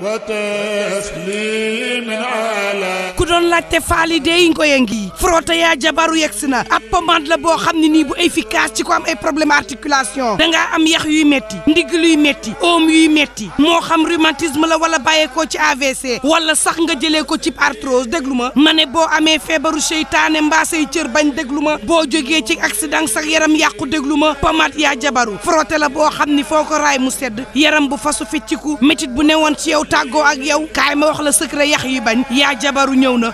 وتسليم على doon laajte faali deey ngoye ngi frotté yaa jabaru yegsi na ab pommade la boo xam ne nii bu efficace ci ko am ay problème articulation dangaa am yax yuy metti ndigg luy metti oom yuy metti moo xam rhumatisme la wala bàyyeekoo ci AVC wala sax nga jëlee ko ci arthrose déglu ma ma ne boo amee feebaru seytaane mbaa say cër bañ déglu ma boo jógee ci accident sax yaram yàqu déglu ma pommade yaa jabaru frote la boo xam ni foo ko raay mu sedd yaram bu fasu fecciku métit bu newoon ci yow tàggoo ak yow kaay ma wax la secret yax yi bañ yaa jabaru ñëw na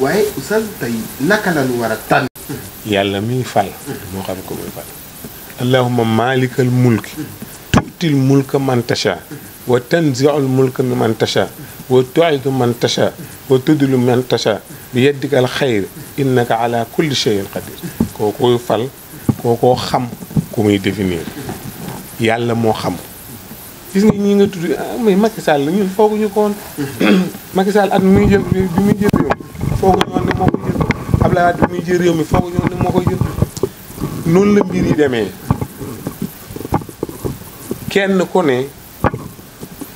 waaye oustaz tey naka la ñu war a tànn. yàlla mi fal. moo xam ko muy fal. allahumma maalikal mulki. tuutil mulka man tasha. wa tanziul mulka man tasha. wa tuizu man tasha. wa tudlu man tasha. bi yeddikal xayr. innaka ala kulli cheyin qadir. koo koy fal. koo koo xam. ku muy définir. yàlla moo xam. gis nga ñi nga tudd ah mais Macky Sall ñun fooguñu ko woon. Macky Sall at mi muy jël bi muy jël. foogu ñoon ne moo ko jël Abdoulaye réew mi foogu ñoon ne moo la mbir yi demee kenn ku ne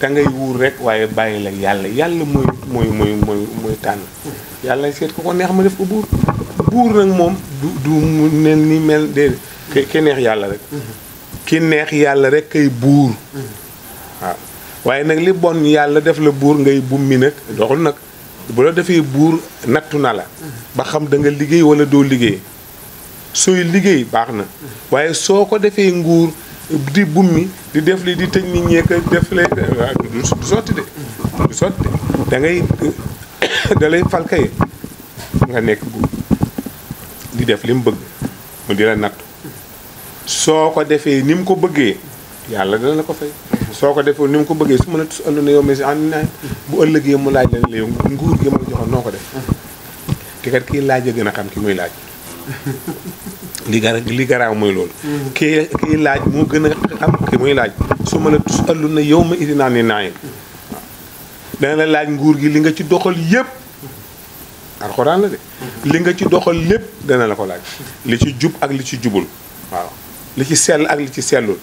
da wuur rek waaye bàyyi la yàlla yàlla mooy mooy mooy mooy mooy tànn yàlla seet ko ko neex ma def ko buur buur nag moom du du mu ne ni mel de ki neex yàlla rek ki neex yàlla rek kay buur mm-hmm. waaw waaye nag li bon yàlla def la buur ngay bummi nag doxul nag bu la defee buur nattu na la ba xam danga liggéey wala doo liggéey sooy liggéey baax na waaye soo ko defee nguur di bummi di def li di tëj nit ñeek def lee du sotti nga nekk def li mu bëgg mu di la nattu soo ko defee ni mu ko bëggee yàlla dana la ko fay soo ko defee ni mu ko bëggee su ma la tus àndoona yow masi an na bu ëllëgee mu laaj leen yow nguur gi ma la joxoon noo ko def te kat kii laaj a gën a xam ki muy laaj li gara li garaaw mooy loolu kii kii laaj moo gën a xam ki muy laaj su ma la tus àllu na yow ma iti naa ni naayen dana la laaj nguur gi li nga ci doxal yépp alxuraan la de li nga ci doxal lépp dana la ko laaj li ci jub ak li ci jubul waaw li ci sell ak li ci sellul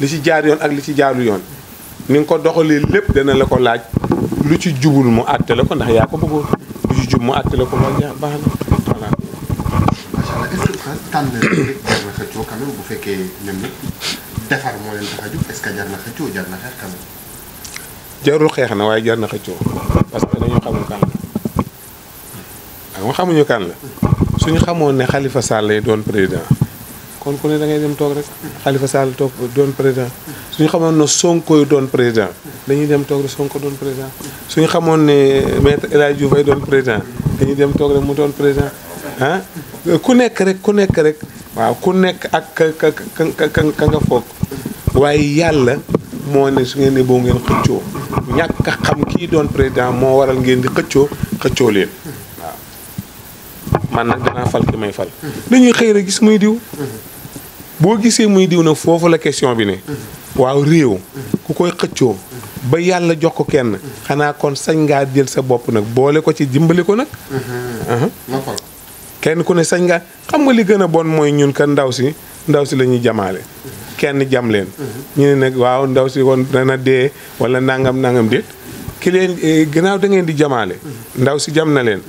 li ci jaar yoon ak li ci jaaru yoon ni nga ko doxalee lépp dana la ko laaj lu ci jubul mu àtte la ko ndax yaa na xëccoo quand bu fekkee ñoom ñëpp defar moo leen tax a jub jar na xëccoo jar na xeex quand jarul xeex na waaye jar na xëccoo parce que dañoo xamul kan la waaw xamuñu kan la suñu xamoon ne xalifa Sall lay doon président. kon ku ne da ngay dem toog rek Khalifa Sall toog doon président suñu xamoon ne Sonko doon président dañuy dem toog rek doon président suñu xamoon ne maître El Hadji Diouf doon président dañuy dem toog rek mu doon président ah ku nekk rek ku nekk rek waaw ku nekk ak ka ka ka ka nga foog waaye yàlla moo ne su ngeen ne boo ngeen xëccoo ñàkk a xam kii doon président moo waral ngeen di xëccoo xëccoo leen waaw man nag danaa fal ki may fal dañuy xëy rek gis muy diw boo gisee muy diw na foofu la question bi ne waaw réew ku koy xëccoo ba yàlla jox ko kenn xanaa kon sañ ngaa jël sa bopp nag boole ko ci dimbali ko nag mm-hmm. kenn ku ne sañ ngaa xam nga li gën a bon mooy ñun ka ndaw si ndaw si la ñuy jamaale kenn jam leen mm-hmm. ñu ne nag waaw ndaw si kon dana dee wala nangam nangam déet ki leen eh, gannaaw da ngeen di jamaale mm-hmm. ndaw si jam na leen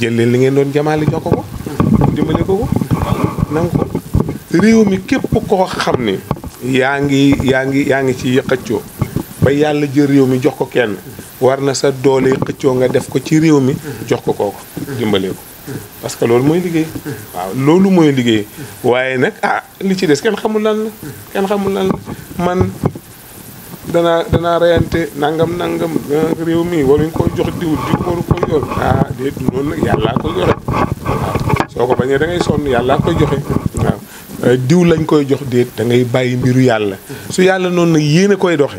jël leen li ngeen doon jamaale jox ko ko dimbali ko ko réew mi képp ko yangi yangi yangi yaangi ci xëccoo ba yalla jël réew mi jox ko kenn war sa doole xëccu nga def ko ci réew mi jox ko kooku dimbalé ko parce que lool moy liggéey waaw loolu moy liggéey waaye nak ah li ci dess kenn xamul lan kenn xamul lan man dana dana reyante nangam nangam ah, réew mi waruñ ko jox diw di ko ko yor ah du non nak yalla ko yor waaw soo ko da ngay son yalla ko joxé Euh, diw lañ koy jox déet da ngay bàyyi mbiru yàlla su yàlla noonu nag yéen a koy doxe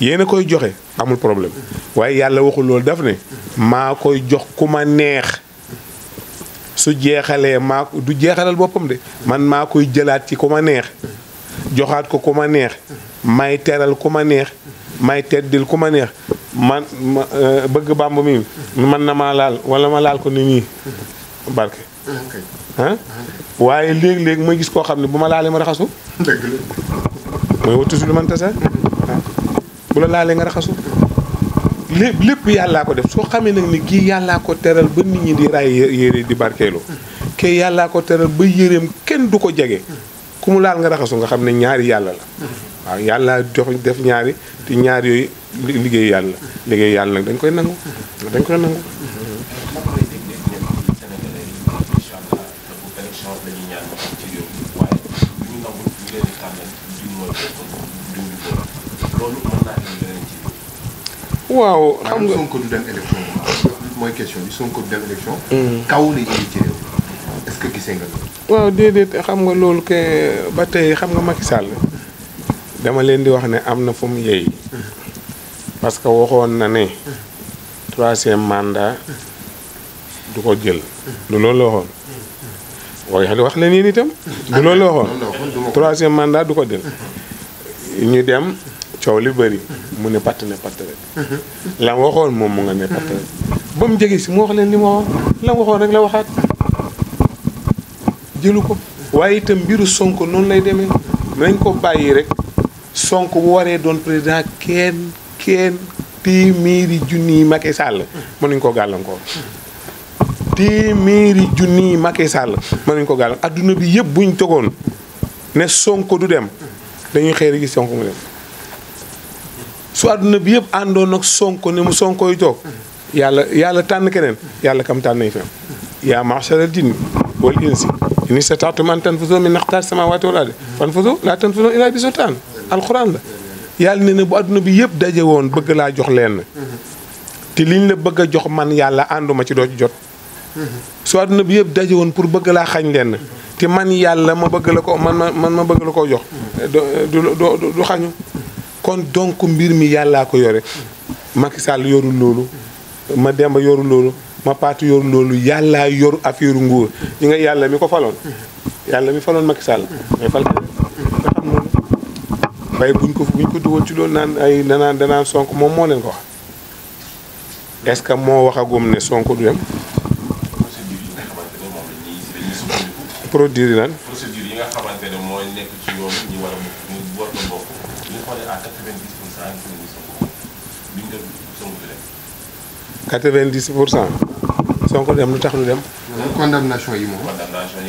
yéen a koy joxe amul problème waaye yàlla waxul loolu daf ne maa koy jox ku ma neex su jeexalee maa du jeexalal boppam de man maa koy jëlaat ci ku ma neex joxaat ko ku ma neex may teral ku ma neex may teddil ku ma neex man euh, bëgg bàmb mi man na maa laal wala ma laal ko ni nii barke ah waaye léeg-léeg mooy gis koo xam ne bu ma laalee ma raxasu. dëgg mooy wattu si man tase. bu la laalee nga raxasu. lépp lépp yàllaa ko def soo xamee nag ni kii yàllaa ko teral ba nit ñi di raay yére di barkeeloo. kii yàllaa ko teral ba yéreem kenn du ko jege. ku mu laal nga raxasu nga xam ne ñaari yàlla la. waaw yàlla jox def ñaari te ñaar yooyu liggéey yàlla liggéey yàlla nag dañ koy nangu dañ koy nangu. waaw xam nga Sonko question bi Sonko du dem mm-hmm. que gisee nga déedéet xam nga loolu ke ba tey xam nga Macky Sall dama leen di wax ne am na fu mu yey mm-hmm. parce que waxoon na ne mm-hmm. troisième mandat du ko jël. du loolu waxoon. waaye wax leen yéen itam. du loolu la waxoon troisième mandat du ko dem. ñu dem coow li bari mu ne patt ne patt rek. Mhm. la waxoon moom mu nga ne patt rek. Mhm. ba mu jege si mu wax leen li ma waxoon la waxoon rek la waxaat jëlu ko. waaye itam mbiru Sonko noonu lay demee nañ ko bàyyi rek sonk bu waree doon président kenn kenn yi junni yi Macky Sall mhm. mënuñ ko gàllankoor. téeméeri junni Macky Sall mën nañu ko gàll adduna bi yëpp buñ togoon ne Sonko du dem dañuy xëy rek gis Sonko mu dem su adduna bi yëpp àndoon ak Sonko ne mu Sonko yu toog yàlla yàlla tànn keneen yàlla kam tànn nañu fem yaa ma'shara jinni wal insi in istata'tum an sama min aqtaari samaawaati wal ardi fanfudhu laa tanfudhuuna illaa bi sultaan alxuraan la yàlla ne ne bu adduna bi yëpp daje woon bëgg laa jox leen te liñ la bëgg a jox man yàlla ànduma ci doo jot su àdduna bi yëpp daje woon pour bëgg laa xañ lenn te man yàlla ma bëgg la ko man ma man ma bëgg la koo jox du xañu kon donc mbir mi yàllaa ko yore Macky Sall yorul loolu ma Demba yorul loolu ma Paatu yorul loolu yàllaa yoru affaire nguur ñi nga yàlla mi ko faloon yàlla mi faloon Macky Sall may fal nga xam buñ ko buñ ko dugal ci loolu naan ay danaan danaan Sonko moom moo leen ko wax est-ce que moo waxagum ne Sonko du dem produire lan. procédure yi ko dem lu tax lu dem. condamnation yi moom. condamnation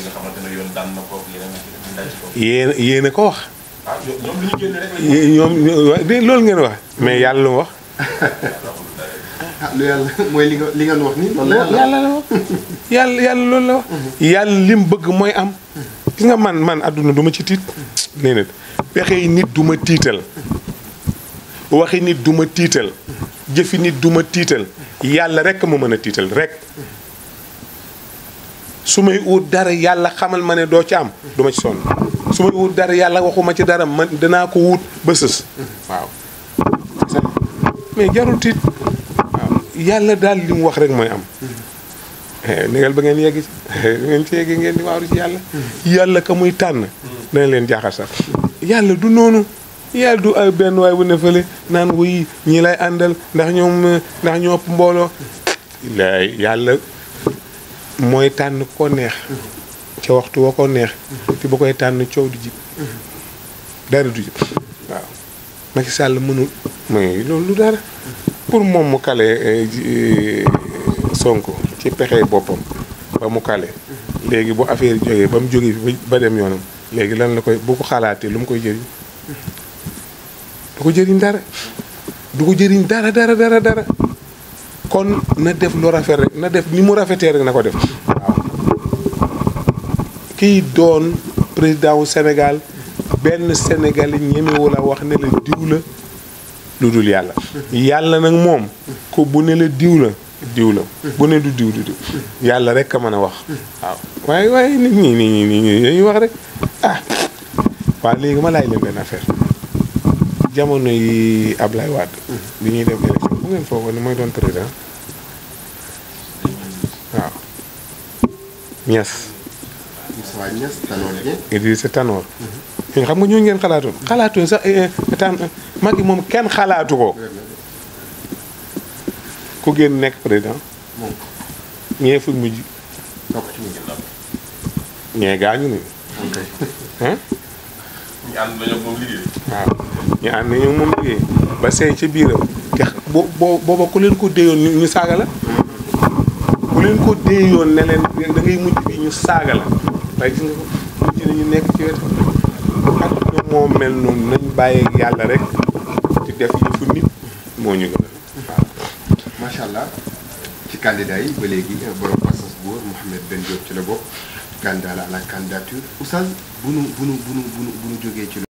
yi ko wax. Ah, loolu ngeen wax mais yàlla lu wax. ah mooy li nga li nga wax ni loolu la yàlla la wax yàlla yàlla lim bëgg mooy am. ki nga man man àdduna du ma ci tiit. pexe yi nit du ma tiital. waxi nit du ma tiital. jëfi nit du ma tiital. yàlla rek ma mën a tiital rek. su may ut dara yàlla xamal ma ne doo ci am duma ci sonn su may ut dara yàlla waxuma ci dara man danaa ko wut ba sës waaw mais jarul tiit yàlla daal li mu wax rek mooy am eh, négal ba ngeen yegg eh, ngeen ci yegg ngeen di waaru ci yàlla yàlla ka muy tànn dana leen jaaxal sax yàlla du noonu yàlla du ay benn waay bu ne fële naan wuy ñii lay àndal ndax ñoom ndax ñoo ëpp mbooloo yàlla mooy tànn ko neex ca waxtu wa ko neex te ba koy tànn coow du jib dara du jib waaw Macky Sall mënul mooy loolu lu dara pour moom mu kale euh, Sonko ci pexe boppam ba mu kale léegi bu affaire jógee ba mu jógee fi ba dem yoonam léegi lan la koy bu ko xalaatee lu mu koy jëriñ du ko jëriñ dara du ko dara dara dara kon na def lu rafet rek na def ni mu rafetee rek na ko def waaw kiy doon président wu Sénégal benn Sénégalais ñemewu la wax ne la diw la lu dul yàlla yàlla nag moom ko bu ne la diw la diw la bu ne du diw du diw yàlla rek a mën a wax waaw waaye waaye nit ñi nit ñi nit ñi dañuy wax rek ah waaw léegi ma laaj leen benn affaire jamono yi Ablaye Wade bi ñuy def élection bu ngeen foogoon ni mooy doon président waaw Niass Idrissa Tanor mhm. yéen xam nga ñooñu ngeen xalaatoon xalaatuñ sax état eh, eh, Macky moom kenn xalaatu ko ku génn nekk président ñee fu mujj ñee gaañu nañu. ñu ànd nañoo moom liggéey. waaw ñu ànd nañoo moom liggéey ba seey ca biiram booba ku leen ko déyoon ñu saaga la ku leen ko déyoon ne leen mujj bi ñu saaga la waaye gis nga ko mujj nañu nekk ci wetam. ak moo mel noonu nañ bàyyi yàlla rek di def yëfu nit moo ñu gën a waaw macha allah ci candidat yi ba léegi euh, borom passage bu wóor Mouhamed Ben ci la bokk candidat la à la candidature oustaz bu nu bu nu bu nu jógee ci la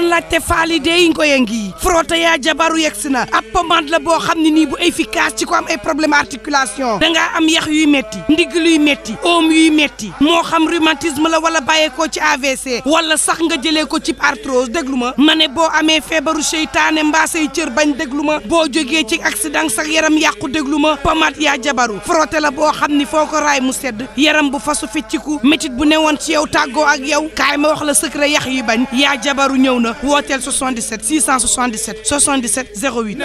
doon laajte faali dee yi ngoy ngii frotté yaa jabaru yegsi na ab pommade la boo xam ne nii bu efficace ci ko am ay problème articulation dangaa am yax yuy metti ndigg luy metti oom yuy metti moo xam rhumatisme la wala bàyyeekoo ci AVC wala sax nga jëlee ko ci arthrose déglu ma ma ne boo amee feebaru seytaane mbaasay cër bañ déglu ma boo jógee ci accident sax yaram yàqu déglu ma pommade yaa jabaru frote la boo xam ni foo ko raay mu sedd yaram bu fasu fecciku métit bu newoon ci yow tàggoo ak yow kaay ma wax la secret yax yi bañ yaa jabaru ñëw na ou 77 677 77 08